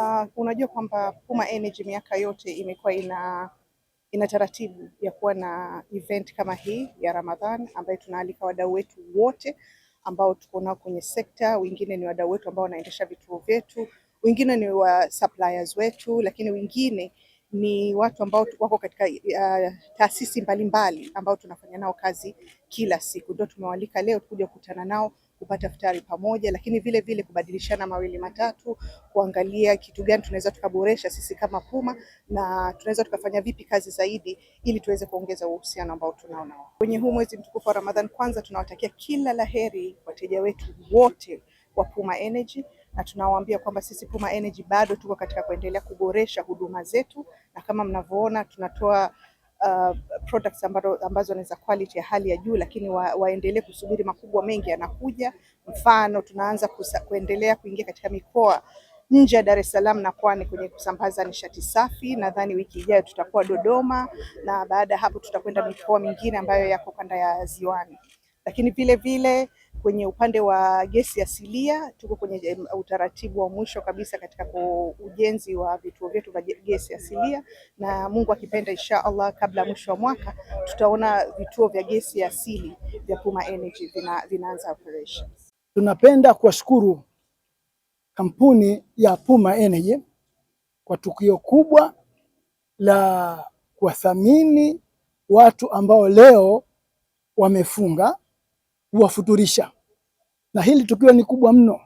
uh, unajua kwamba Puma Energy miaka yote imekuwa ina ina taratibu ya kuwa na event kama hii ya Ramadhan ambayo tunaalika wadau wetu wote ambao tuko nao kwenye sekta. Wengine ni wadau wetu ambao wanaendesha vituo vyetu, wengine ni wa suppliers wetu, lakini wengine ni watu ambao wako katika uh, taasisi mbalimbali ambao tunafanya nao kazi kila siku, ndio tumewalika leo kuja kukutana nao kupata futari pamoja, lakini vile vile kubadilishana mawili matatu, kuangalia kitu gani tunaweza tukaboresha sisi kama Puma na tunaweza tukafanya vipi kazi zaidi ili tuweze kuongeza uhusiano ambao tunao nao. Kwenye huu mwezi mtukufu wa Ramadhan, kwanza tunawatakia kila laheri wateja wetu wote wa Puma Energy na tunawaambia kwamba sisi Puma Energy bado tuko katika kuendelea kuboresha huduma zetu, na kama mnavyoona tunatoa Uh, products ambazo, ambazo ni za quality ya hali ya juu, lakini wa, waendelee kusubiri, makubwa mengi yanakuja. Mfano, tunaanza kusa, kuendelea kuingia katika mikoa nje ya Dar es Salaam na Pwani kwenye kusambaza nishati safi. Nadhani wiki ijayo tutakuwa Dodoma na baada ya hapo tutakwenda mikoa mingine ambayo yako kanda ya Ziwani, lakini vile vile Kwenye upande wa gesi asilia tuko kwenye eh, utaratibu wa mwisho kabisa katika ujenzi wa vituo vyetu vya gesi asilia, na Mungu akipenda, insha Allah, kabla mwisho wa mwaka tutaona vituo vya gesi asili vya Puma Energy vina, vinaanza operations. Tunapenda kuwashukuru kampuni ya Puma Energy kwa tukio kubwa la kuwathamini watu ambao leo wamefunga huwafuturisha, na hili tukio ni kubwa mno.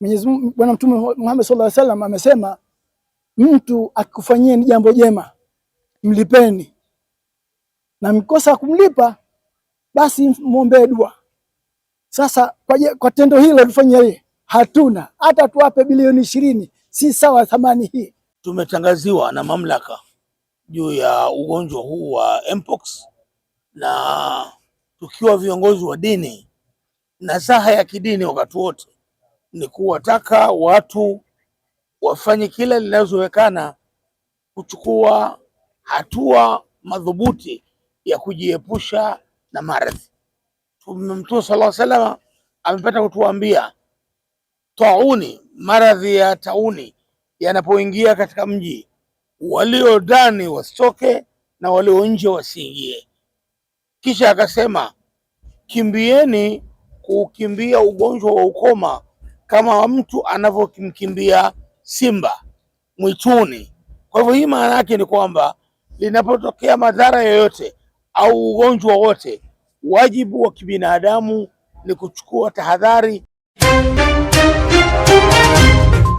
Mwenyezi Mungu, Bwana Mtume Muhammad sallallahu alaihi wasallam amesema, mtu ni jambo jema mlipeni, na mkosa kumlipa basi mwombee dua. Sasa kwa, kwa tendo hilo tufanye yeye, hatuna hata tuwape bilioni ishirini, si sawa thamani hii. Tumetangaziwa na mamlaka juu ya ugonjwa huu wa mpox na tukiwa viongozi wa dini, saha ya kidini wakati wote ni kuwataka watu wafanye kila linalowezekana kuchukua hatua madhubuti ya kujiepusha na maradhi. Mtume sallallahu alaihi wasallam amepata kutuambia tauni, maradhi ya tauni yanapoingia katika mji, walio ndani wasitoke na walio nje wasiingie. Kisha akasema kimbieni kuukimbia ugonjwa wa ukoma kama mtu anavyokimkimbia simba mwituni. Kwa hivyo hii maana yake ni kwamba linapotokea madhara yoyote au ugonjwa wote, wajibu wa kibinadamu ni kuchukua tahadhari.